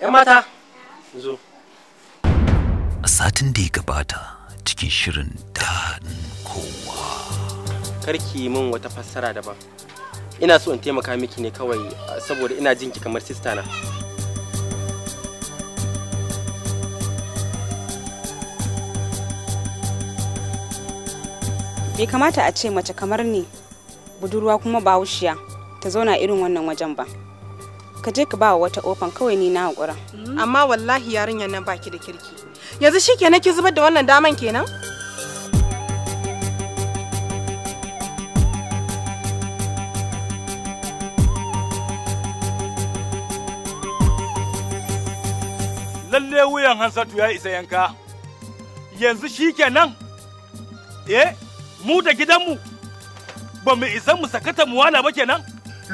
'yan zo a satin da ya gabata cikin shirin daɗin kowa karki min wata fassara daban ina so in taimaka miki ne kawai saboda ina jinki kamar sista na bai kamata a ce mace kamar ni budurwa kuma ba bawushiya ta zauna irin wannan wajen ba ka je ka ba wa wata ofan kawai ni na hakura mm. amma wallahi yarinyar nan baki da kirki yanzu shikenan ki zubar da wannan daman kenan lalle wuyan hansatu ya isa yanka yanzu nan eh mu da gidanmu ba mu isa mu sakata mu wala ba kenan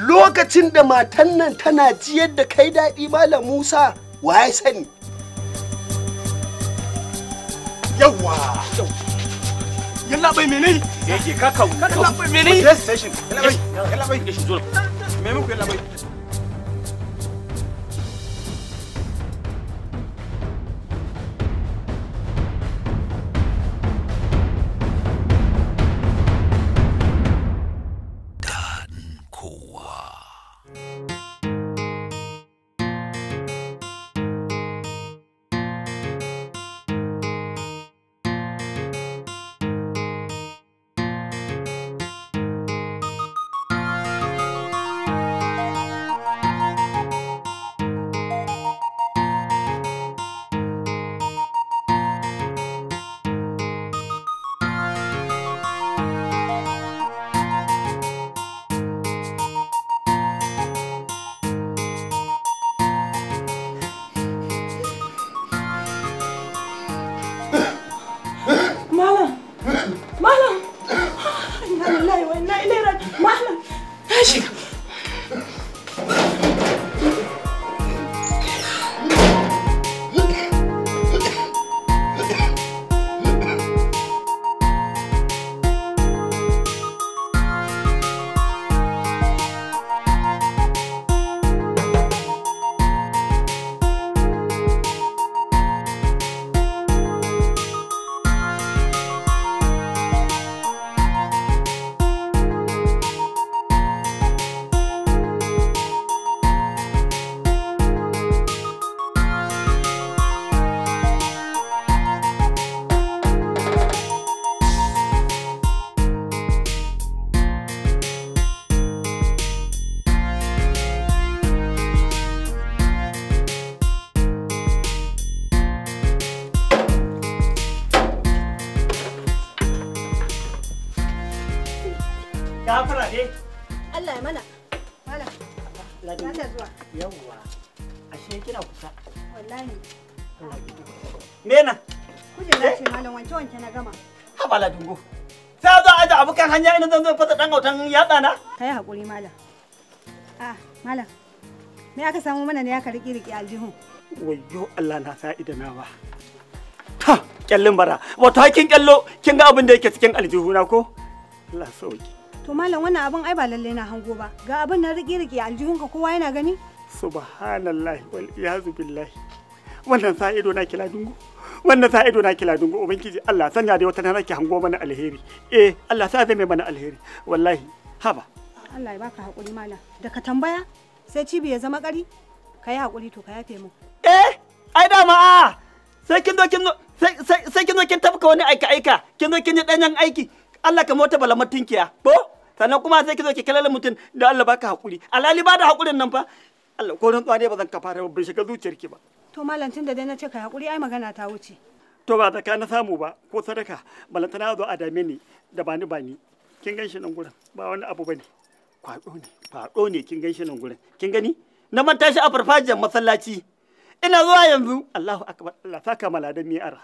lokacin da matan nan tana jiyar da kai daɗi malam musa waye sani yawa yalla bai mene yake ka bai mene yalla bai yalla bai yalla bai kai nan zan fasa dan autan yatsa na kai hakuri malam ah malam me aka samu mana ne aka riki riki aljihun wayyo Allah na sa ba. ha kyallin bara wato hakin kyallo kin ga abin da yake cikin aljihuna ko Allah sauki to malam wannan abin ai ba lalle na hango ba ga abin na riki riki aljihun ka kowa yana gani subhanallahi wal iyazu billahi wannan sa ido na kila dungu wannan sa ido na kila dungo ubangiji Allah sanya da wata rana ki hango mana alheri eh Allah sa zai mai mana alheri wallahi haba Allah ya baka hakuri malam da ka tambaya sai cibi ya zama kari ka yi hakuri to ka yafe mu eh ai dama a sai kin zo kin zo sai kin zo kin tafka wani aika aika kin zo kin yi danyen aiki Allah ka mota balamar tinkiya bo sannan kuma sai kin zo ki kalala mutum da Allah baka hakuri alali ba da hakurin nan fa Allah ko rantsuwa ne ba zan kafa ba bai shiga zuciyarki ba To malam tun da dai na ce ka hakuri ai magana ta wuce. To ba zaka na samu ba ko sadaka balanta na zo a dame ni da bani bani. Kin gan shi nan gurin ba wani abu bane. Kwado ne, kwado ne kin gan shi nan gurin. Kin gani? Na man shi a farfajiyar masallaci. Ina zuwa yanzu Allahu akbar Allah saka maladan mi ara.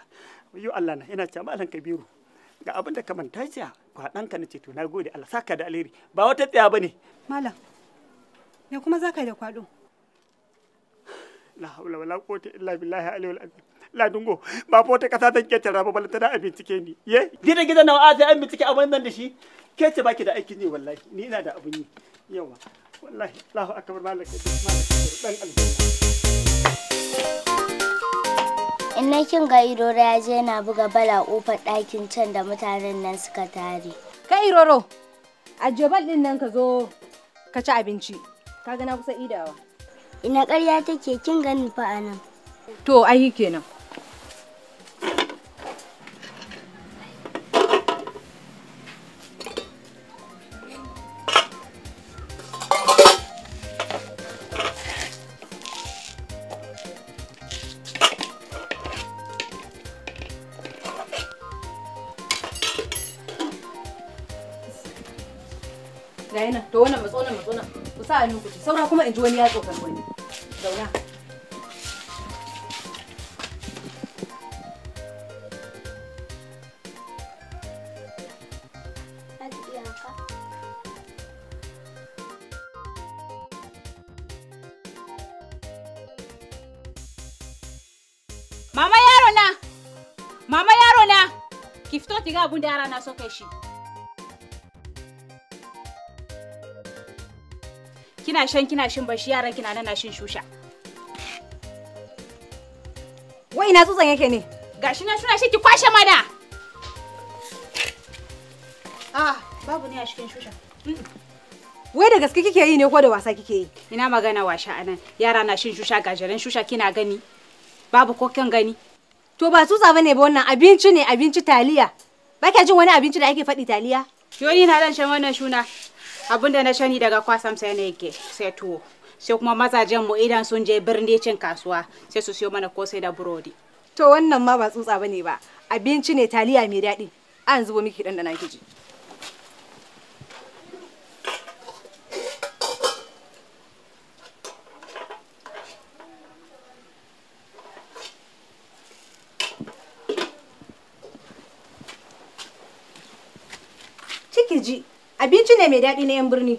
Yo Allah na ina cewa malam Kabiru. Ga abin da ka manta shi kwadanka na ce to na gode Allah saka da alheri ba wata tsaya bane. Malam. Me kuma zaka yi da kwado? la haula wala quwwata illa billahi aliyul azim la dungo ba fa wata kasa zan ketara ba balantana a bincike ni ye gidan gidan nawa sai an bincike abin nan da shi kece baki da aikin ne wallahi ni ina da abin yi yawa wallahi Allahu akbar malaka dan aljanna inna kin ga iroro ya je yana buga bala kofar ɗakin can da mutanen nan suka tare kai iroro a jobal din nan ka zo ka ci abinci kaga na kusa idawa ina ƙarya take kin gani fa anan to ai kenan in wani ya wani zauna Mama yaro na! Mama yaro na! Ki fito ki ga abin da yara na so kai shi. kina shan kina shin bashi yaran kina nana shin shusha wai ina tsutsan yake ne gashi na shuna shi ki kwashe mana ah babu ne a cikin shusha mm. wai da gaske kike yi ne ko da wasa kike yi ina magana washa anan yara na shin shusha gajeren shusha kina gani babu kin gani to ba tsutsa bane ba wannan abinci ne abinci taliya ba jin wani abinci da ake faɗi taliya yoni na dan shan wannan shuna abinda na shani daga kwasam sai na yake sai tuwo sai kuma mazajen mu idan sun je birni cin kasuwa sai su siyo mana kosai da burodi to wannan ma ba tsutsa bane ba abinci ne taliya mai daɗi an zubo miki dan da na kiji abinci ne mai daɗi na 'yan birni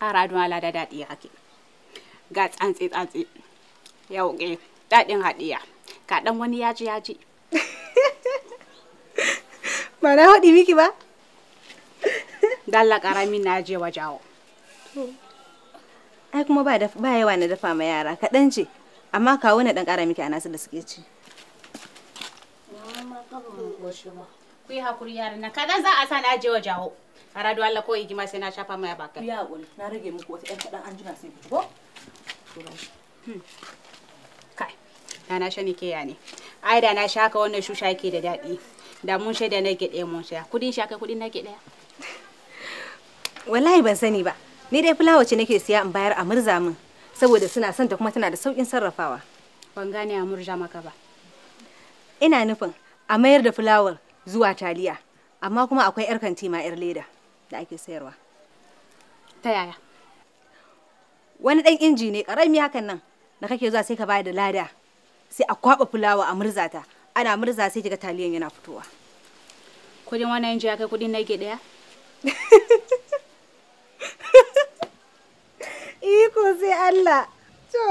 ƙara ala da daɗi ake ga tsantsi-tsantsi yau daɗin haɗiya kaɗan wani yaji-yaji ba na haɗi miki ba dalla karami na je wa jawo ai kuma ba da ba yawa na dafa ma yara kaɗan ce amma kawo na ɗan ƙara miki a nasu da suke ci ku za a sa na je wa Allah ko igima sai na sai hmm. kai na na ke ya ne ai da na sha haka wannan shusha yake da daɗi da mun shaida na ke ɗaya mun shaya kudin shi akai kudin na ke wallahi ban sani ba ni dai fulawa ce nake siya in bayar a murza min saboda suna son ta kuma tana da saukin sarrafawa ban gane a murza maka ba ina nufin a mayar da fulawar zuwa taliya amma kuma akwai yar kanti ma yar leda da ake sayarwa ta yaya wani dan inji ne karami hakan nan da kake zuwa sai ka bayar da lada sai a kwaba fulawa a murzata. ta ana murza sai kiga taliyan yana fitowa kudin wannan yanzu ya kai kudin nage daya iko sai Allah to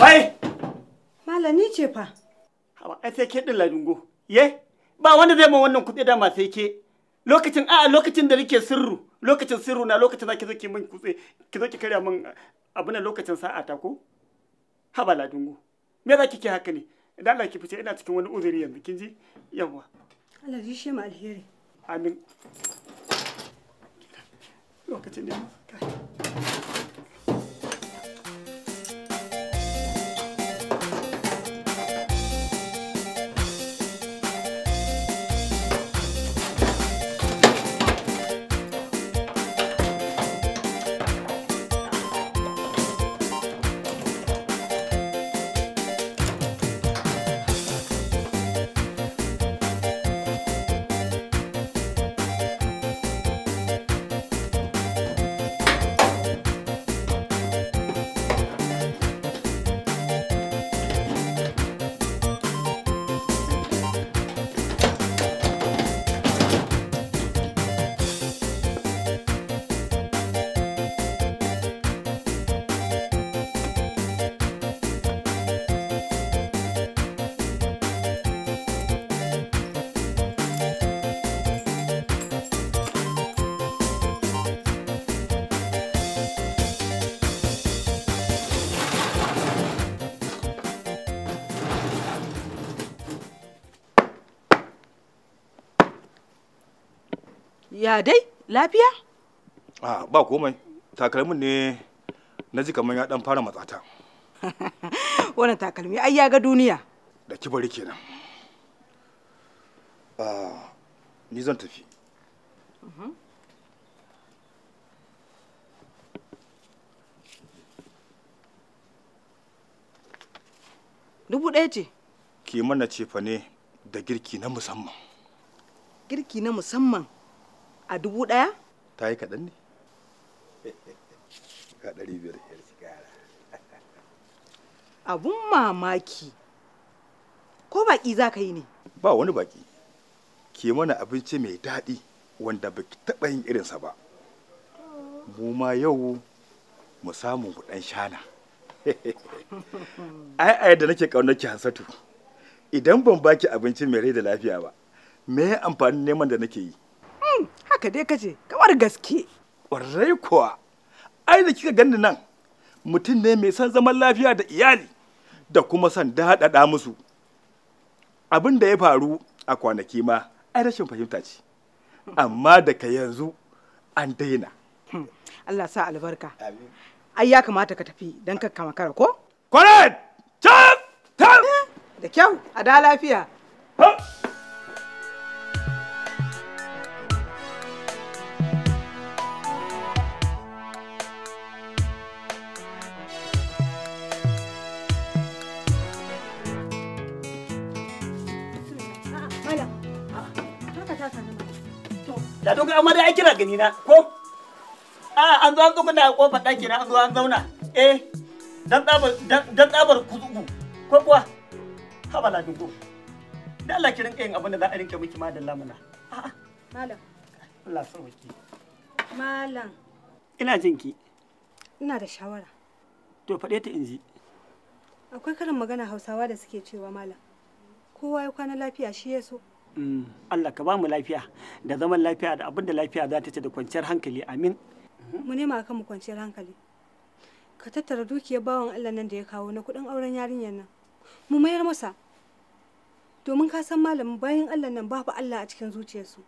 Wai! ni ce fa. Hawa, ai sai ke ɗin ladungo. Ye? Ba wanda zai man wannan kutse dama sai ke. Lokacin a lokacin da nake sirru, lokacin sirru na lokacin za ki zo ki min kutse, ki zo ki karya min abin nan lokacin sa'a ta ko? Haba ladungo. Me za ki ke haka ne? Idan Allah ki fice ina cikin wani uzuri yanzu, kin ji? Yawwa. Allah ji shi ma alheri. Amin. Lokacin ne. Kai. Ya dai, lafiya? Ah, ba komai. Takalmin ne na ji kamar ya dan fara matsata. Wannan takalmi ai ya ga duniya. Da kibari kenan. Ah, ni zan tafi. Mhm. Dubu ɗaya ce. Ki mana cefane da girki na musamman. Girki na musamman? a dubu ɗaya? ta yi kaɗan ne Ka ɗari biyar abun mamaki ko baƙi za ka yi ne ba wani baƙi ke mana abinci mai daɗi wanda ba ki taɓa yin irinsa ba mu ma yau mu samu mu ɗan shana ai ai da nake ƙaunar ki hansatu idan ban baki abinci mai rai da lafiya ba me amfanin neman da nake yi Hmm, haka dai kace kamar gaske ƙwarai kuwa ai da kika gani nan mutum ne mai son zaman lafiya da iyali da kuma son daɗaɗa musu abin da ya faru a kwanaki ma ai rashin fahimta ce amma daga yanzu an daina hmm, Allah sa albarka ai ya kamata ka tafi don ka kama kara ko correct eh, da kyau a da lafiya to ga amma dai kira gani na ko a an zo an tsoko da kofar daki na an zo an zauna eh dan tsabar dan tsabar kuzugu ko kuwa haba la dugo da Allah ki rinka yin abin da za a rinka miki ma da lamuna malam Allah sarwaki malam ina jin ki ina da shawara to faɗe ta inji akwai karin magana hausawa da suke cewa malam kowa ya kwana lafiya shi ya so Allah ka ba mu lafiya da zaman lafiya da abin da lafiya za ta ce da kwanciyar hankali amin mu nema ka mu kwanciyar hankali ka tattara dukiyar bawan Allah nan da ya kawo na kuɗin auren yarinyar nan mu mayar masa domin ka san malamin bayan Allah nan babu Allah a cikin zuciyarsu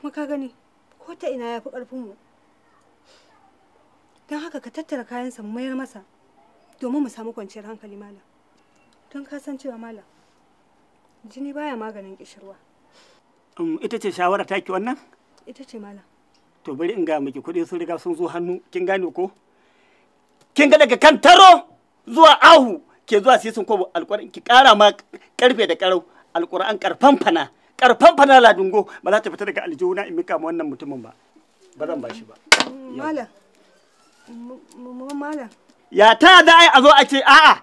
kuma ka gani ko ta ina ya fi ƙarfinmu don haka ka tattara kayansa mu mayar masa domin mu samu kwanciyar hankali malam don ka san cewa malam jini baya maganin kishirwa um, ita ce shawara taki wannan ita ce mala. to bari in ga miki kuɗi sun riga sun zo hannu kin gane ko kin ga daga kan taro zuwa ahu ke zuwa sai sun kobo alƙur'an ki ƙara ma karfe da karau alƙur'an karfan fana karfan fana ladungo ba za ta fita daga aljihuna in mika wannan mutumin ba ba zan ba shi ba mm, Mala. Mm, mm, ya ta da a zo a ce a'a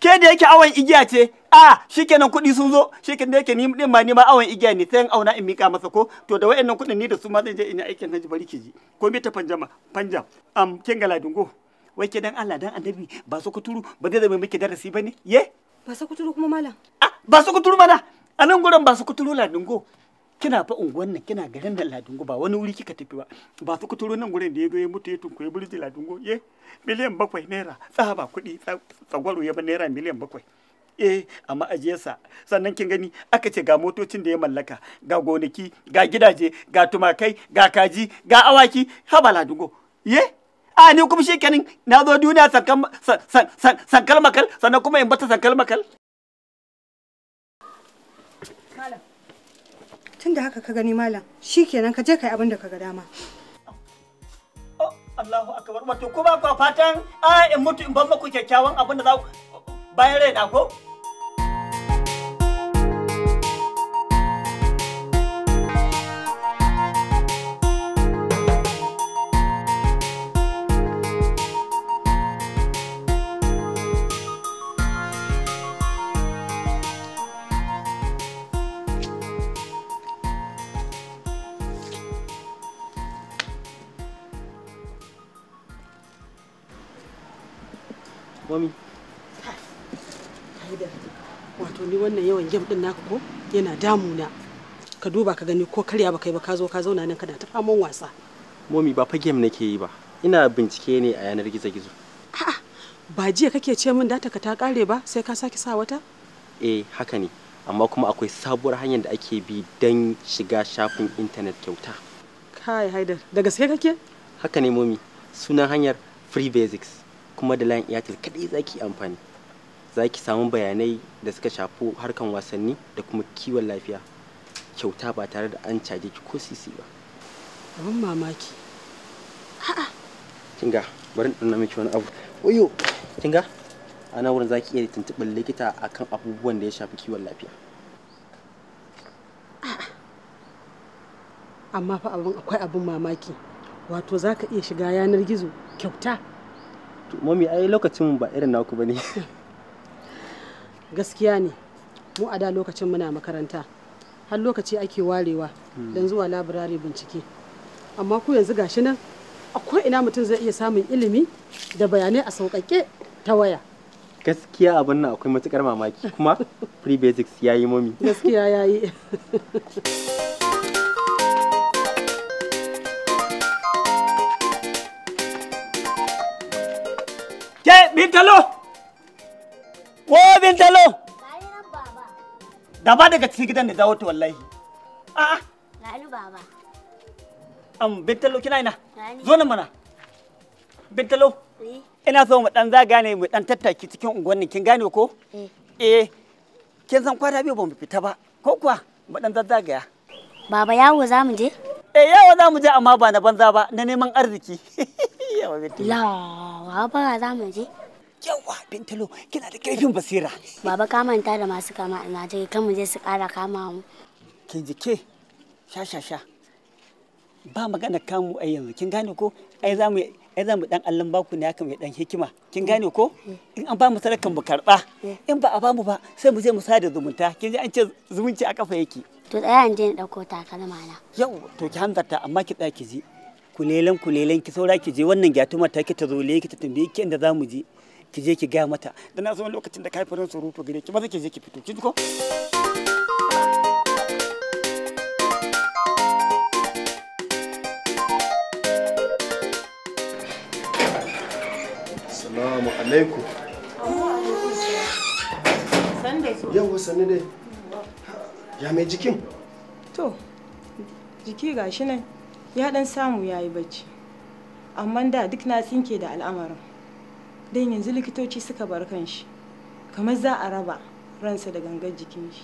ke da yake awon igiya ce a shikenan kuɗi sun zo shikenan da yake ni din ma ni ma awon igiya ne sai auna in mika masa ko to da wayannan kuɗin ni da su ma zan je in yi aikin haji bari ki ji ko me ta panjama panjam am kin galadungo wai ke dan Allah dan annabi ba su kuturu ba zai zama miki darasi bane ye ba su kuturu kuma malam ah ba su kuturu mana a nan gurin ba su kuturu ladungo kina fa unguwan nan kina garin nan ladungo ba wani wuri kika tafi ba ba su kuturu nan gurin da ya zo ya mutu ya tunkuye burji ladungo ye miliyan bakwai naira tsaba kuɗi tsagwaro ya ba naira miliyan bakwai eh a ma'ajiyarsa sannan kin gani aka ce ga motocin da ya mallaka ga gonaki ga gidaje ga tumakai ga kaji ga awaki haba ladugo ye a ni kuma shi kenan na zo duniya sankal makal sannan kuma in bata sankal makal tun da haka ka gani malam shi kenan ka je ka yi abin da ka ga dama oh, Allahu akbar wato kuma kwa fatan a in mutu in ban muku kyakkyawan abin da za ku bayan raina ko yawan gem din naka ko yana damuna ka duba ka gani ko karya baka yi ba ka zo ka zauna nan kana ta faman wasa momi ba fa gem nake yi ba ina bincike ne a yanar gizo gizo a'a ba jiya kake ce min data ka ta kare ba sai ka sake sa wata eh haka ne amma kuma akwai sabuwar hanyar da ake bi don shiga shafin intanet kyauta kai haidar daga sai kake haka ne momi sunan hanyar free basics kuma da layin airtel kadai zaki amfani za ki samu bayanai da suka shafi harkan wasanni da kuma kiwon lafiya kyauta ba tare da an caje ki ko sisi ba abin mamaki ha'a kinga bari in miki wani abu oyo kinga ana wurin za ki iya tuntuɓar likita akan abubuwan da ya shafi kiwon lafiya amma fa abin akwai abin mamaki wato za ka iya shiga yanar gizo kyauta to mami ai lokacin ba irin naku bane gaskiya ne mu a da lokacin muna makaranta har lokaci ake warewa hmm. don zuwa labirari bincike amma ku yanzu gashi nan akwai ina mutum zai iya samun ilimi da bayanai a sauƙaƙe ta waya gaskiya abin nan akwai matukar mamaki kuma free basics ya yi mami gaskiya ya yi ke bintalo Ko bintalo? Da ba daga cikin gidan da dawo ta wallahi. A'a. Gani baba. Am bintalo kina ina? Zo nan mana. Bintalo. Eh. Ina so mu dan zaga ne mu dan tattaki cikin unguwannin kin gane ko? Eh. eh. Kin san kwata biyu ba mu fita ba. Ko kuwa mu dan ya. Baba yawo za mu je? Eh yawo za mu je amma ba na banza ba na neman arziki. Yawa talo. La, ba za mu je. yawa bintalo kina da kaifin basira baba ka manta da masu kama a najeriya kan mu je su kara kama mu ke jike sha sha sha ba magana kamu a yanzu kin gane ko ai za mu ai za mu dan allon baku ne haka mai dan hikima kin gane ko in an ba mu sarakan mu karba in ba a ba mu ba sai mu je mu sada zumunta kin ji an ce zumunci a kafa yake to tsaya an je ni dauko takalma na yau to ki hanzarta amma ki tsaya ki ji kulelen kulelen ki saura ki je wannan gyatuma ta ki ta zo ki ta tambaye ki inda za mu je ki je ki gaya mata da na zo lokacin da kai farin surutu gare ki ba zai je ki fito ki ko Assalamu alaikum. Yau sanni dai. Ya mai jikin? To, jiki gashi nan ya dan samu yayi bacci. Amma da duk na tsinke da al'amarin. don yanzu likitoci suka bar kanshi, kamar za a raba ransa da gangar jikin shi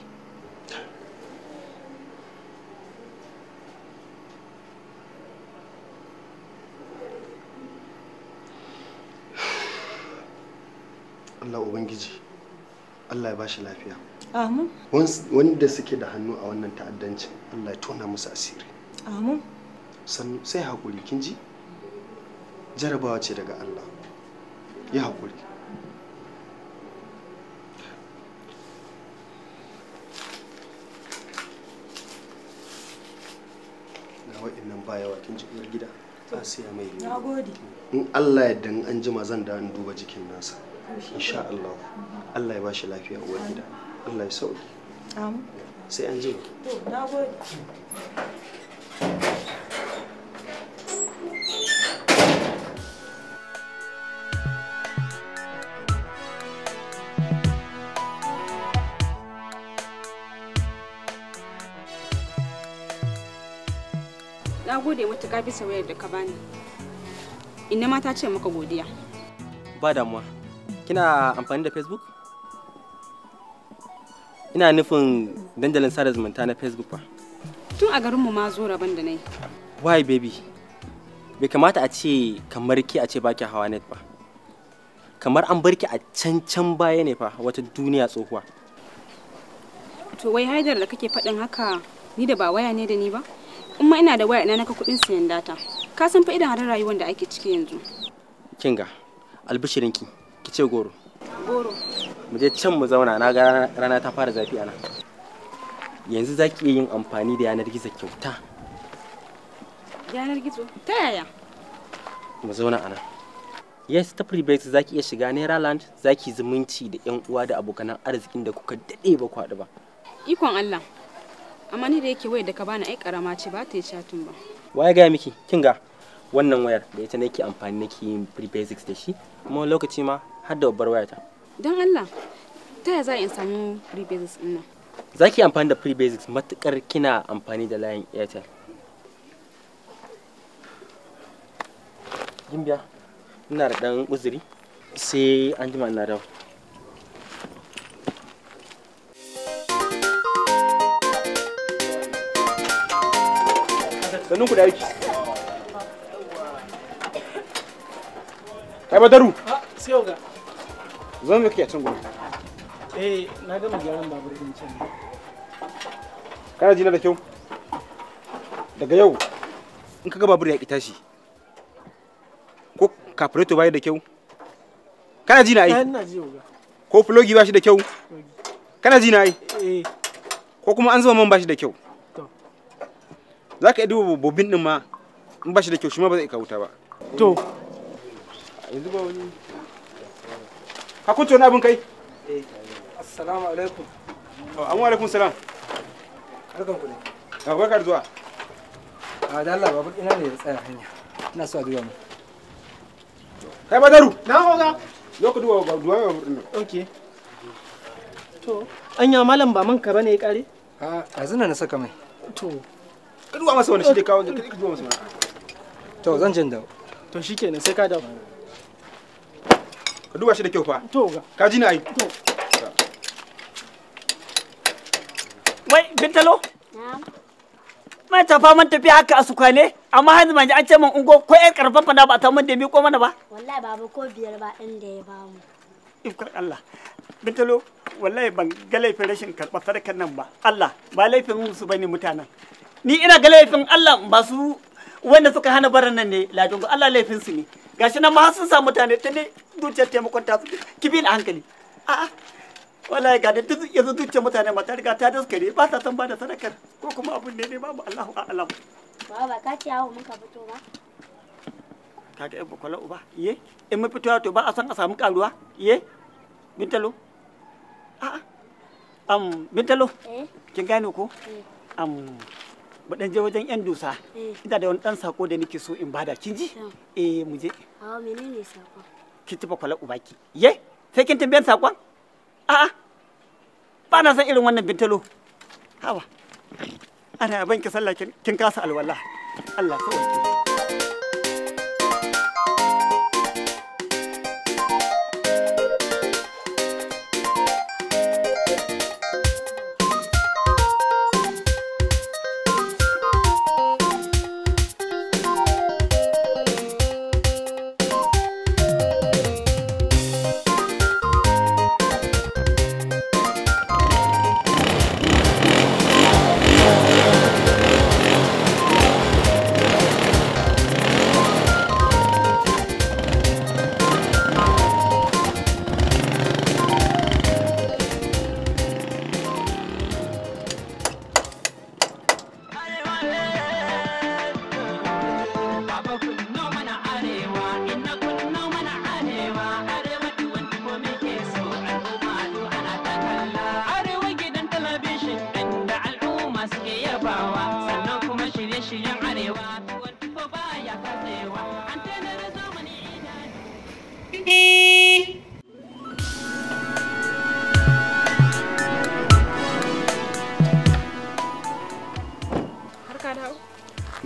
Allah Ubangiji Allah ya ba shi lafiya. Amin. Wanda suke da hannu a wannan ta'addancin Allah ya tona musu asiri. Amin. Sannu sai haƙuri kin ji? Jarabawa ce daga Allah. yi haƙuri ga waɗannan baya kin ji gida ta siya mai in allah ya dan an jima zan da an duba jikin nasa insha allah allah ya bashi lafiya uwar gida allah ya sauki sai an jima gode matuƙa bisa wayar da ka bani. Inna ma ta ce maka godiya. Ba damuwa. Kina amfani da Facebook? Ina nufin dandalin sada zumunta na Facebook ba. Tun a garinmu ma zo rabon da na Why baby? Bai kamata a ce kamar ki a ce baki hawa net ba. Kamar an barki a can can baya ne fa wata duniya tsohuwa. To wai haidar da kake faɗin haka ni da ba waya ne da ni ba? kuma ina da waya ina naka kuɗin siyan data ka san fa idan harar rayuwar da ake ciki yanzu kinga albishirinki ki ce goro goro mu je can mu zauna na ga rana ta fara zafi ana yanzu za ki iya yin amfani da yanar gizo kyauta yanar gizo ta yaya mu zauna ana yes ta freebase za ki iya shiga naira land za ki zumunci da yan uwa da abokan arzikin da kuka daɗe ba kwaɗi ba ikon allah amma ni da yake wayar da ka bani ai karama ce ba ta yi chatin ba waye ga miki kin ga wannan wayar da ita nake amfani nake yin pre basics da shi kuma lokaci ma har da babbar wayata don Allah ta ya za in samu pre basics din nan zaki amfani da pre basics matukar kina amfani da layin airtel Gimbiya, ina da dan uzuri sai an jima ina dawo. sannun ku da aiki kai badaru ah, sai yau ga zan mai kake a can gudu eh na gama gyaran babur din can kana jina da kyau daga yau in ka ga babur ya ki tashi ko kafureto bai da kyau kana jina ai ah, ko flogi bashi da kyau kana jina ai eh. ko kuma an zama man bashi da kyau za ka iya duba bobin din ma in ba shi da kyau shi ma ba zai kawo wuta ba to yanzu ba wani ka kunto na abin kai eh assalamu alaikum oh, amma alaikum salam barkan ku ne ka ah, barka da zuwa a ah, da Allah babu ina ne ya tsaya hanya ina so a duba mu kai badaru na hoga zo ka duba ba duba babu din okay to anya malam ba manka bane ya kare a ah, yanzu na saka mai to ka duba masa wani shi ke kawo ka duba masa wani to zan jin to sai ka ka duba shi da kyau fa to ga ka ji ai to wai bintalo mai tafa man tafiya haka a sukwane amma hanzu manji an ce min ungo ko yar karfan fana ba a ta mun da ko mana ba wallahi babu ko biyar ba da ya bamu ifkar Allah bintalo wallahi ban ga laifin rashin karɓar sadakan nan ba Allah ba laifin ba bane mutanen ni ina ga laifin Allah ba su wanda suka hana barin nan ne lajin Allah laifin su ne gashi nan ma sun sa mutane ta ne dukiyar taimakon ta ki bi hankali a-a wallahi ga da duk yanzu dukiyar mutane ma ta riga ta daskare ba ta san ba da sadakar ko kuma abun ne ne babu Allahu a'lam baba ka ci yawo muka fito ba ka ga ba kwala uba ye in mun fito to ba a san a samu karuwa ye bintalo a am bintalo eh? kin gane ko eh. am mu dan je wajen yan dusa eh. ina da wani dan sako da nake so in bada kin ji eh mu je a menene sako ki tufa kwala ubaki ye sai kin tambayan sakon a'a ba na san irin wannan bintalo hawa ana banki sallah kin kasa alwala Allah sauke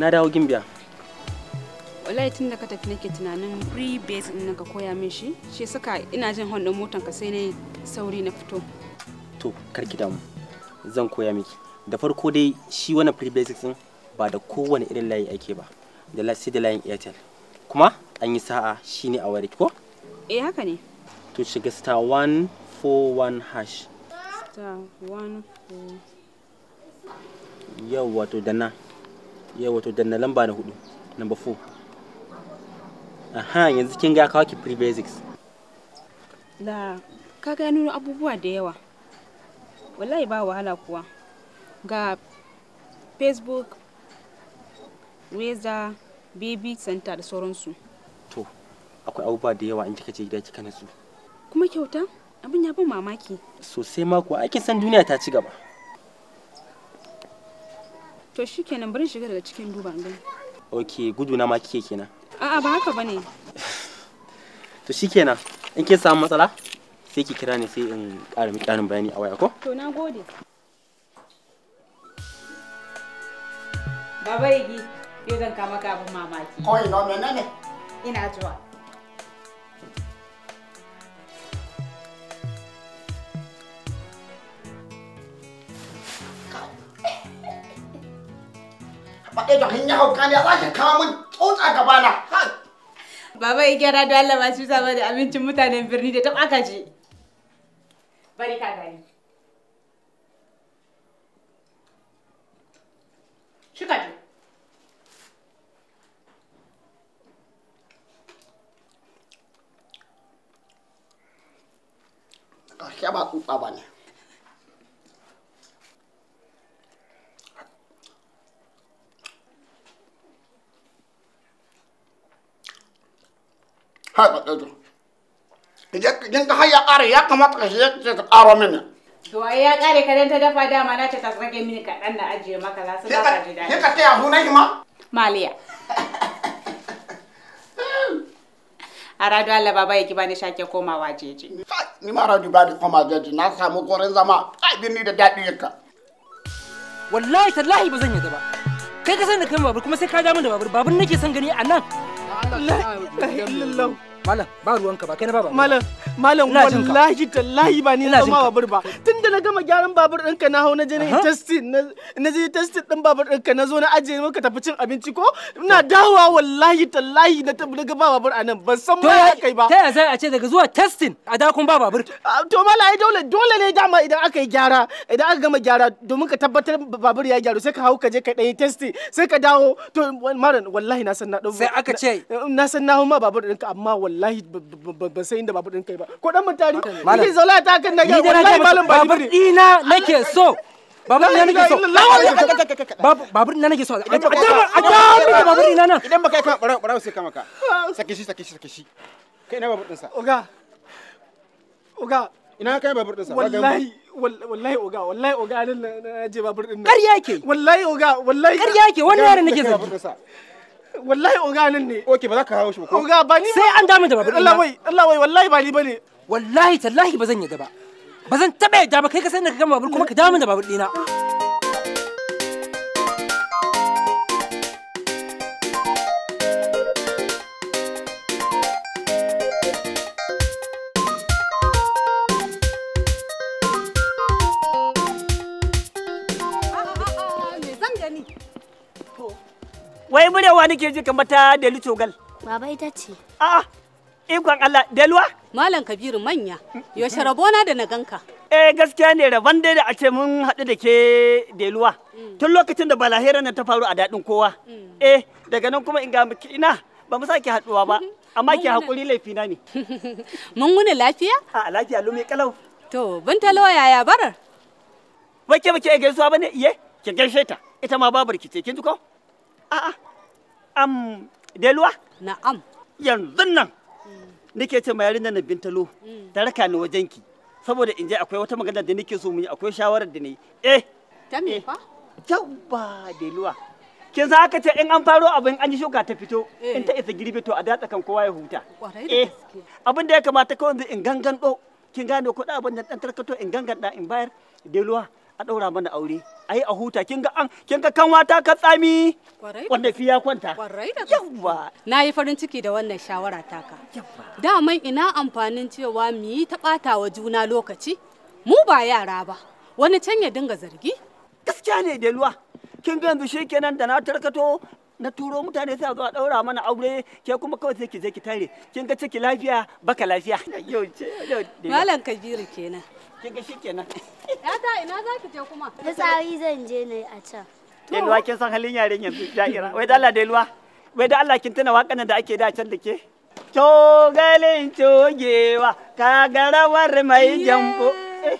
na dawo gimbiya wallahi tun da ka tafi nake tunanin free base din ka koya min shi shi saka ina jin hon din motan ka sai ne sauri na fito to kar ki damu zan koya miki da farko dai shi wannan free basics din ba da kowane irin layi ake ba da lasi da layin airtel kuma an yi sa'a shine a wayar ko eh haka ne to shiga star 141 hash star four. yau wato da nan ya wato danna lamba na hudu number 4 aha yanzu kin ga kawaki pre basics la ka gano abubuwa da yawa wallahi ba wahala kuwa ga facebook weza baby center da sauransu to akwai abubuwa da yawa in kika je gida kika nasu kuma kyauta abin ya ban mamaki sosai ma kuwa aikin san duniya ta ci gaba to kenan bari shiga daga cikin duban gani ok gudu na ma kike kenan a'a ba haka bane to kenan in kin samu matsala sai ki kira ne sai in ƙara miki ƙarin bayani a waya ko to na gode baba yigi zan kama ka abin mamaki kawai menene ina zuwa faɗe da hanya hauka ne za ki kawo min tsotsa gabana. Baba ya gyara da Allah masu sama da abincin mutanen birni da taɓa ka je. Bari ka gani. je. Ka ba ba ne. hai ba ɗaya idan ka har ya ƙare ya kamata ka shiga ta ƙaro mini To ai ya kare ka dan ta dafa dama na ta ta rage mini kaɗan na ajiye maka za su baka ji daɗi. Ke ka taya sunan ma? Maliya. A radu Allah baba ya ki bani shake komawa jeji. Ni ma radu bani koma jeji na samu gurin zama ai ni da daɗi ka. Wallahi tallahi ba zan yi ba. Kai ka san da kai babur kuma sai ka ja min da babur babur nake son gani a nan. لا اله الا الله malam ba ruwanka ba kai na ba. malam malam wallahi tallahi ba ni zama babur ba tunda na gama gyaran babur ɗinka na hau na je testing na je testing ɗin babur ɗinka na zo na ajiye maka tafi cin abinci ko ina dawowa wallahi tallahi na tafi na ga babur anan ban san ya kai ba ta yaya sai a ce daga zuwa testing a dakon ba babur ah, to malam ai dole dole ne dama idan aka yi gyara idan aka gama gyara domin ka tabbatar babur ya gyaru sai ka hau ka je kai ɗanyi testing sai ka dawo to malam wallahi na san na sai aka ce na san na hau ma babur ɗinka amma wallahi wallahi ban san inda babu din kai ba ko dan mutari ni zola ta kan na ga wallahi malam ba babur dina nake so babur ina nake so babur ina nake so a dama a dama babur ina nan idan baka kama barau barau sai kama ka saki shi saki shi saki shi kai na babur din sa oga oga ina kai babur din sa wallahi wallahi oga wallahi oga nan na je babur din nan ƙarya yake wallahi oga wallahi ƙarya yake wannan yaron nake so wallahi oga nan ne oke ba za ka hawo shi ko oga ba ni sai an damu da babu Allah wai Allah wai wallahi ba ni bane wallahi tallahi ba zan ba ba zan taba yadda ba kai ka san da ka gama babur kuma ka damu da babur dina wai murewa nake ji kamar ta delu cogal baba ita ce a'a ikon Allah deluwa malam kabiru manya yaushe rabona da na ganka eh gaskiya ne rabon dai da a ce mun haɗu da ke deluwa mm. tun lokacin da balahira na ta faru a daɗin kowa mm. eh daga nan kuma in ga ina ba mu sake haɗuwa ba amma ki haƙuri laifina ne mun wuni lafiya a lafiya lumi kalau to bin loya yaya barar wake bake gaisuwa bane iye ki gaishe ta ita ma babar ki ce kin ji ko a'a am deluwa na'am yanzu nan nake ce ma yarinya na bintalo ta raka ni wajen ki saboda in je akwai wata magana da nake so mu yi akwai shawarar da ni eh ta me eh. fa yawwa deluwa kin za ka ce in an faro abin an ji shuka ta fito eh. in ta isa girbe to a da tsakan kowa ya huta eh abin da ya kamata kawai in gangan do kin gane da abin da dan tarkato in gangan da in bayar deluwa a ɗaura mana aure yi a huta kin ga an kin ga kan wata ka tsami wanda fi ya kwanta yawwa na yi farin ciki da wannan shawara taka daman ina amfanin cewa mu yi ta ɓata wa juna lokaci mu ba yara ba wani can ya dinga zargi gaskiya ne da luwa kin ga yanzu shikenan da na tarkato na turo mutane sai zuwa daura mana aure ke kuma kawai sai ki je ki tare kin ga ciki lafiya baka lafiya malam kabiru kenan kinga shikenan yata ina zaki je kuma fitsari zan je ne a can Deluwa kin san halin yaren yanzu ja'ira wai da Allah Deluwa wai da Allah kin tuna waƙan da ake da can da ke cogalin cogewa kagarawar mai jambo eh.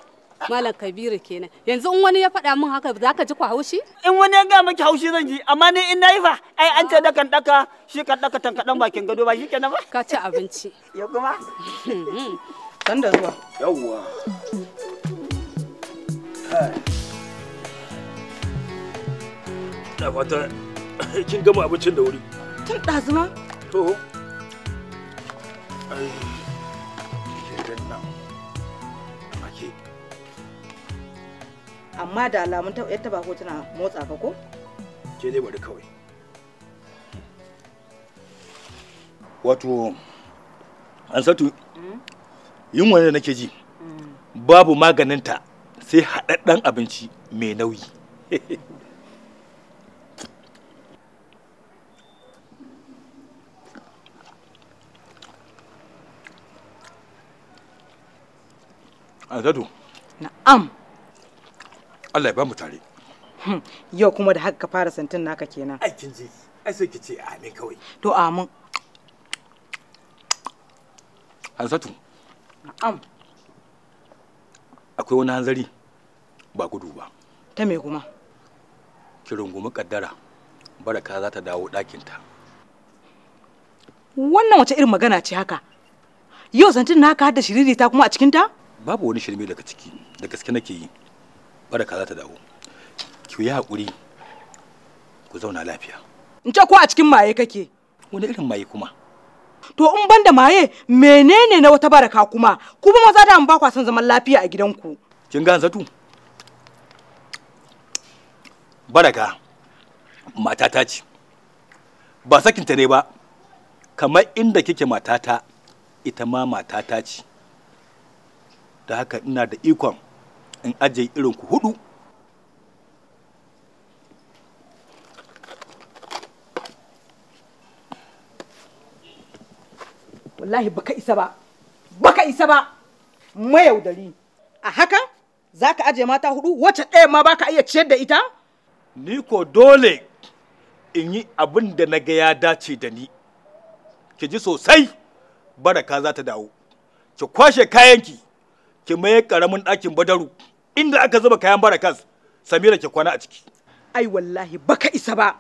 Malam Kabiru kenan. Yanzu in wani ya faɗa min haka za ka ji ku haushi? In wani ya ga miki haushi zan ji, amma ni in nayi fa, ai an ce dakan daka, shi ka daka tankaɗan bakin gado ba shi kenan ba. Ka ci abinci. Ya kuma? Hmm, hmm. San da zuwa. Yawwa. ta fata kin gama abincin da wuri. Tun ɗazuma? To. Ai, shirin nan. Ake. Amma da alamun ta yadda bako tana motsa ka ko? Ke dai bari kawai. Wato, an satu hmm? yin wani da nake ji babu maganinta sai haɗaɗɗen abinci mai nauyi Azadu. Na'am. Allah ya ba mu tare. Hmm, yau kuma da haka ka fara santin naka kenan. aikin ji. Ai sai ki ce amin kawai. To amin. Azadu. akwai wani hanzari ba gudu ba ta me kuma ki rungumi kaddara baraka za ta dawo ɗakinta wannan wace irin magana ce haka yau zancen naka hada shiriri ta kuma a cikinta babu wani shirme daga ciki da gaske nake yi baraka za ta dawo ki yi hakuri ku zauna lafiya in ce ko a cikin maye kake wani irin maye kuma to in ban da maye menene na wata baraka kuma kuma maza da ba kwa son zaman lafiya a gidanku kin ga zatu baraka matata ce ba sakinta ne ba kamar inda kike matata ita ma matata ce da haka ina da ikon in ajiye irin ku hudu wallahi baka isa ba baka isa ba mayaudari a haka za ka aje mata hudu wacce ɗaya ma baka iya ciyar da ita ni ko dole in yi abin da na ga ya dace da ni ki ji sosai baraka za ta dawo ki kwashe kayanki ki maye karamin ɗakin badaru inda aka zuba kayan barakas samira ki kwana a ciki ai wallahi baka isa ba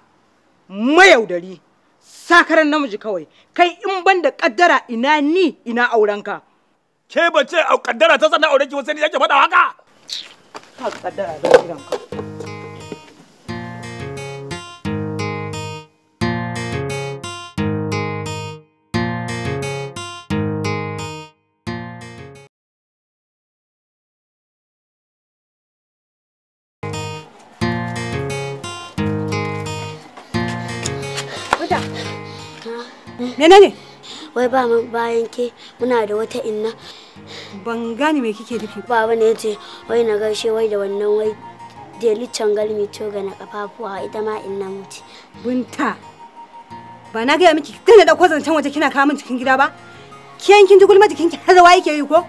mayaudari sakaran namiji kawai kai in ban da kaddara ina ni ina auren ka ke bace a kaddara ta sanar aurenki wasu ne yake faɗa haka ka kaddara da ka Mene ne? Wai ba mu bayan ke muna da wata inna. Ban gane me kike nufi. Baba ne yace wai na gaishe wai da wannan wai deli cangal mi toga na kafafuwa ita ma inna muti. Binta. Ba na gaya miki tana da kwazancan waje kina kawo min cikin gida ba? Kiyan kin ji gulma jikin ki har waye yake yi ko?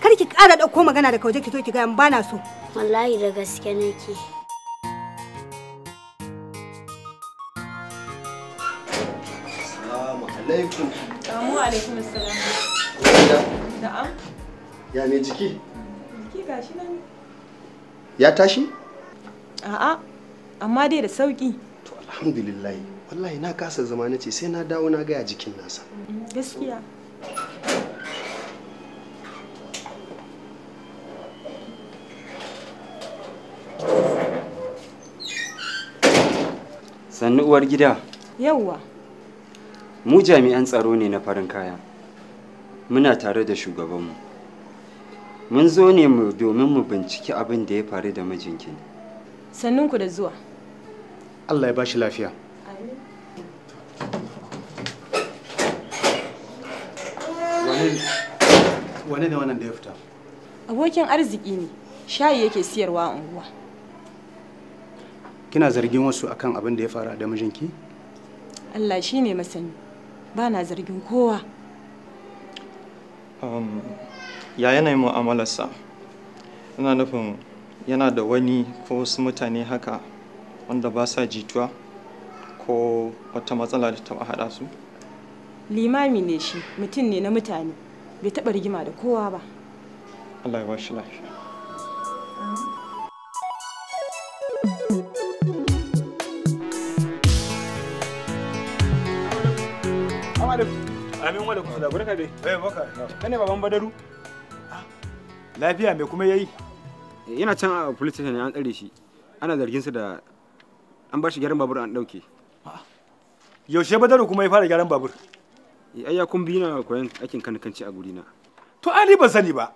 Kar ki ƙara ɗauko magana da kauje ki to ki ga ba na so. Wallahi da gaske nake. alaikum. Kamu alaikum salam. Na'am. Ya ne jiki? Jiki gashi nan. Ya tashi? A'a, amma dai da sauki. To alhamdulillah. Wallahi na kasa zama na ce sai na dawo na gaya jikin nasa. Gaskiya. Sannu uwar gida. Yawwa. mu jami'an tsaro ne na farin kaya muna tare da shugabanmu mun zo ne mu domin mu binciki abin da ya faru da mijinki sannunku da zuwa allah ya bashi lafiya wane ne wannan da ya fita abokin arziki ne shayi yake siyarwa a unguwa kina zargin wasu akan abin da ya faru da mijinki allah shi ne masani Bana zargin kowa um, ya yanayin mu'amalarsa ina nufin yana da wani ko wasu mutane haka wanda ba sa jituwa ko wata matsala da taba haɗa su limami ne shi mutum ne na mutane bai taɓa rigima da kowa ba Allah ya shi lafiya. Amin Eh baka. Kane baban Badaru? Lafiya me kuma yayi? Yana eh, can a police station an tsare shi. Ana zargin sa da an ba shi gyaran babur an dauke. Yaushe Badaru kuma ya fara gyaran babur? Eh, ai ya kun na koyan aikin kanikanci a gurina. To Ali ban sani ba.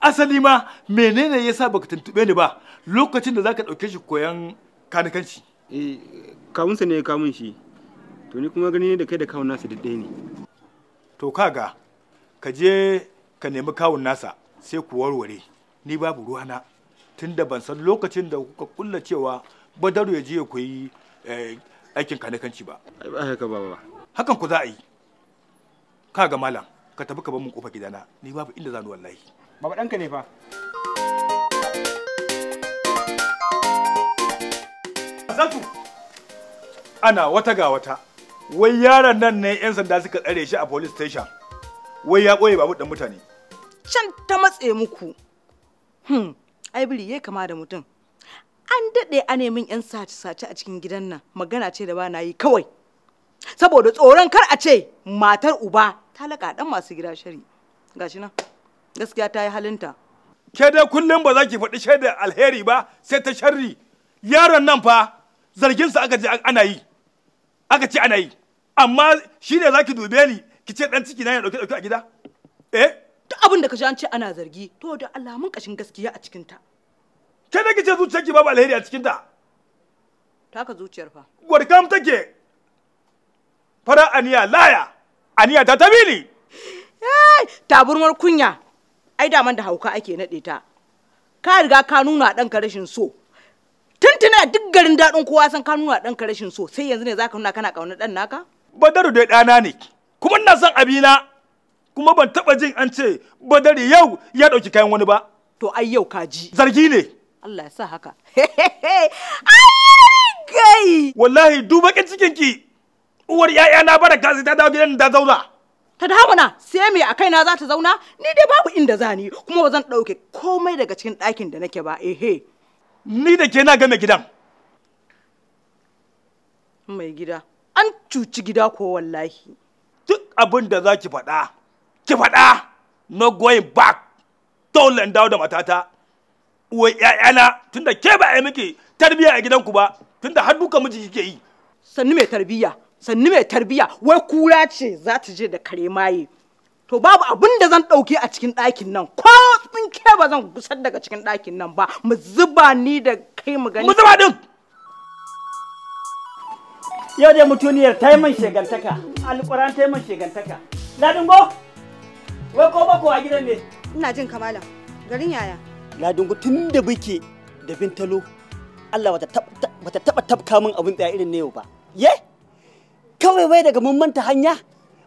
Asali ma menene yasa baka tuntube ni ba lokacin da zaka dauke shi koyan kanikanci? Eh kawunsa ne ya kamun shi. To ni kuma gani ne da kai da kawun nasu duk ne. to kaga ka je ka nemi kawun nasa sai ku warware ni babu ruwana tunda ban san lokacin da kuka kulla cewa badaru ya je ya koyi eh, aikin kanekanci ba haka ba hakan ku za a yi kaga malam ka tafi ka bar mun kofa gidana ni babu inda zanu wallahi baba ka ne fa ana wata ga wata wai yaron nan ne 'yan sanda suka tsare shi a police station wai ya ɓoye babu dan mutane can ta matse muku hmm ai biri ya kama da mutum an daɗe a nemin 'yan sace-sace a cikin gidan nan magana ce da ba na yi kawai saboda tsoron kar a ce matar uba ta laƙa ɗan masu gida shari gashi nan gaskiya ta yi halinta ke dai kullum ba za ki faɗi shaidar alheri ba sai ta sharri yaron nan fa zarginsa aka ana yi aka ce ana yi amma shi ne za ki dube ni ki ce ɗan ciki na ya ɗauke ɗauke a gida eh duk abin da ka ji an ce ana zargi to da alamun kashin gaskiya a cikin ta ke da kice zuciyar ki babu alheri a cikin ta taka zuciyar fa gwarkam take fara aniya laya aniya ta tabili taburmar kunya ai daman da hauka ake naɗe ta ka riga ka nuna ɗanka rashin so tuntuna duk garin daɗin kowa san ka nuna ɗanka rashin so sai yanzu ne zaka nuna kana ƙaunar ɗan naka badaru dai ɗana ne kuma na son abina kuma ban taɓa jin an ce badari yau ya ɗauki kayan wani ba to ai yau ka ji zargi ne Allah ya sa haka gai wallahi dubakin cikin ki uwar na bara kazi ta dawo gidan ta zauna ta dawo na sai me a kaina za ta zauna ni dai babu inda za ni kuma ba zan ɗauke komai daga cikin ɗakin da nake ba ehe ni da ke na game gidan mai gida an cuci gida ko wallahi duk abin da za ki faɗa ki faɗa no going back dole dawo da matata uwar ‘ya'yana tunda ke ba a miki tarbiyya a gidanku ba tunda har duka miji kike yi sannu mai tarbiyya sannu mai tarbiyya wai kura ce za ta je da kare maye to babu abin da zan ɗauke a cikin ɗakin nan ko tsinke ba zan gusar daga cikin ɗakin nan ba mu zuba ni da kai mu gani mu zuba din yau dai mutuniyar ta yi man shegantaka alƙur'an ta yi man shegantaka ladungo wai ko bako a gidan ne ina jin kamala garin yaya ladingo tun da muke da bintalo Allah bata taba tafka min abin tsaya irin na yau ba ye kawai wai daga mun manta hanya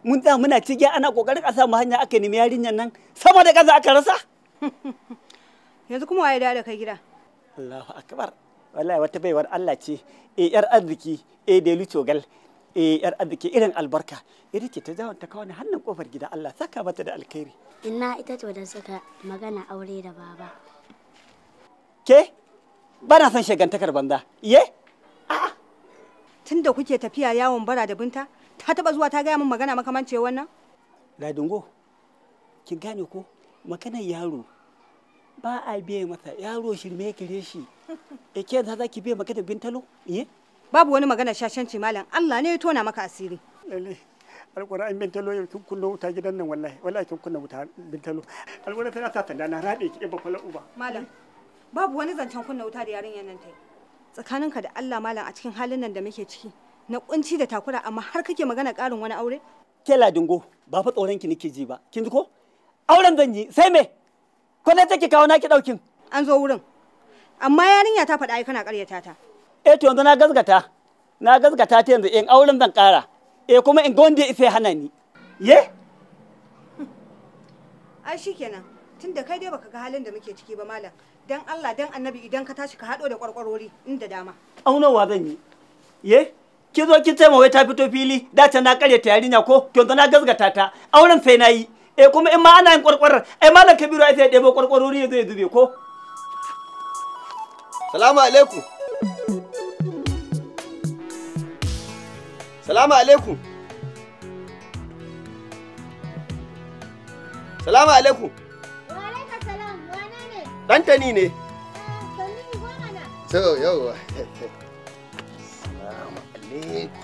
mun tsaya muna cigiya ana kokarin a samu hanya aka nemi yarinyar nan sama da gaza aka rasa yanzu kuma waye da kai gida Allahu akbar wallahi wata baiwar Allah ce e yar arziki e eh, da lucogal e eh, yar arziki irin albarka ita ce ta zawon ta kawo hannun kofar gida Allah saka mata da alkhairi inna ita ce wadda saka magana aure da baba ke ba na son shagantakar banza ye a'a tunda kuke tafiya yawon bara da binta ta taba zuwa ta gaya min magana makamance wannan ladungo kin gane ko maganar yaro ba a biye masa yaro shirme kire shi e ke za za ki biye maka da bintalo eh babu wani magana shashanci malam Allah ne ya tona maka asiri lalle bintalo ya kunna wuta gidan nan wallahi wallahi tun kunna wuta bintalo alƙur'an tana ta tanda na rabe ki ba kula uba malam babu wani zancen kunna wuta da yarinyar nan tai tsakaninka da Allah malam a cikin halin nan da muke ciki na kunci da takura amma har kake magana ƙarin wani aure ke ladingo ba fa tsoron ki nake ji ba kin ji ko auren zan yi sai me ko ne take kawo naki daukin an zo wurin amma yarinya ta faɗa ai kana ƙaryata ta eh to yanzu na gazgata na gazgata ta yanzu eh, in auren zan kara eh kuma in ga wanda ya isa hana ni ye ai shikenan tunda kai dai baka ga halin da muke ciki ba malam dan Allah dan annabi idan ka tashi ka hado da kwarkwarori inda dama aunawa zan yi ye ki zo ki taimaka wai ta fito fili da ta na ƙaryata yarinya ko to yanzu na gazgata ta auren sai na yi e kuma in ma ana yin kwarkwarar ai malam kabiru ai sai ya ɗebo kwarkwarori ya zo ya zube ko salamu alaikum salamu alaikum salamu alaikum ɗantani ne eh, so yauwa salamu alaikum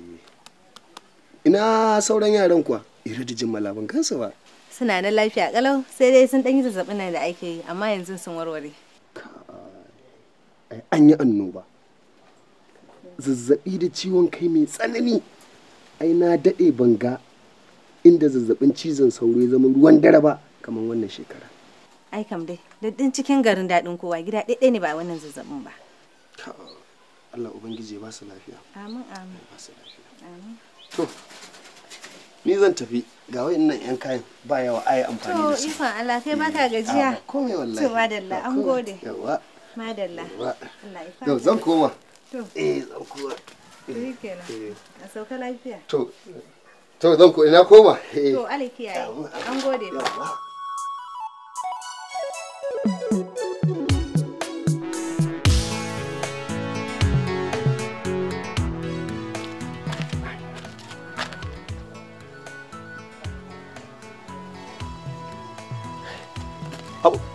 ina sauran yaran kuwa eh, ira da jimma labin kansu ba suna na lafiya kalau sai dai sun dan yi zazzabin nan da ake yi amma yanzu sun warware an yi annoba zazzabi da ciwon kai mai tsanani ai na daɗe banga inda zazzabin cizon sauro ya zama ruwan dare ba kamar wannan shekara ai kam dai daddin cikin garin daɗin kowa gida ɗaiɗai ne ba wannan zazzabin ba Allah Ubangiji ba su lafiya. Amin amin. Ba su lafiya. Amin. To, ni zan tafi ga nan yan kayan ba yawa ai amfani da su to ifan Allah kai baka gajiya mm, komai wallahi to madalla an gode yawa madalla Allah ya fara zan koma to eh zan koma eh kenan a sauka lafiya to to zan koma. ina koma eh. to alai an gode ba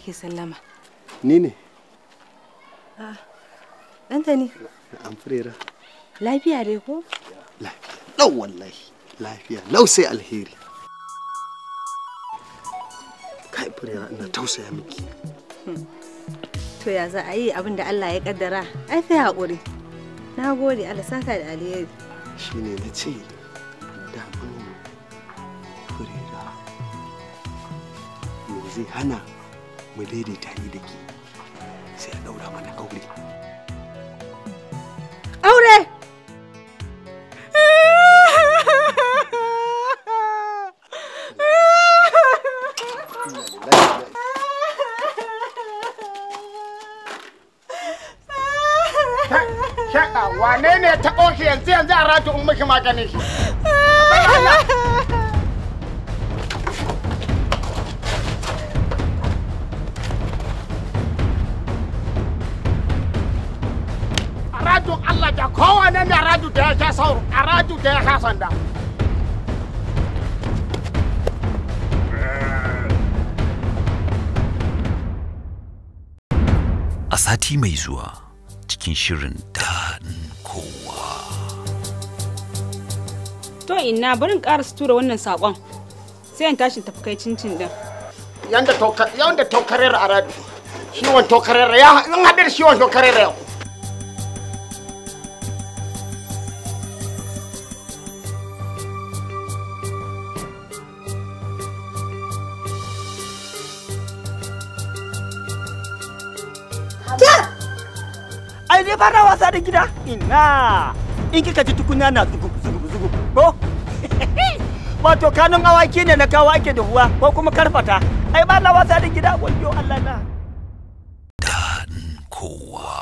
yake sallama. Ni ne. Ah, ɗanta ne. An furera. Lafiya dai ko? Lafiya. Lau wallahi. Lafiya. Lau sai alheri. Kai furera ina tausaya miki. To ya za a yi abin da Allah ya kaddara. Ai sai haƙuri. Na gode Allah saka da alheri. Shine na ce damu furera. Me zai hana mu daidaita ni da ke sai a daura mana aure aure wane ne ta ƙoshi yanzu yanzu a ratu in miki maganin shi aradu da ya sauru aradu da ya a sati mai zuwa cikin shirin daɗin kowa to ina barin ƙara tura wannan saƙon sai yan tashi tafi kai cincin ɗin. yanda tokarar aradu ciwon tokarar ya in haɗar ciwon tokarar yau ai dai fara wasa da gida ina in kika ji tukunya na zugub zugub zugub ko wato kanun awaki ne na kawo ake da huwa ko kuma karfata ai ba na wasa da gida wajo Allah na dan kowa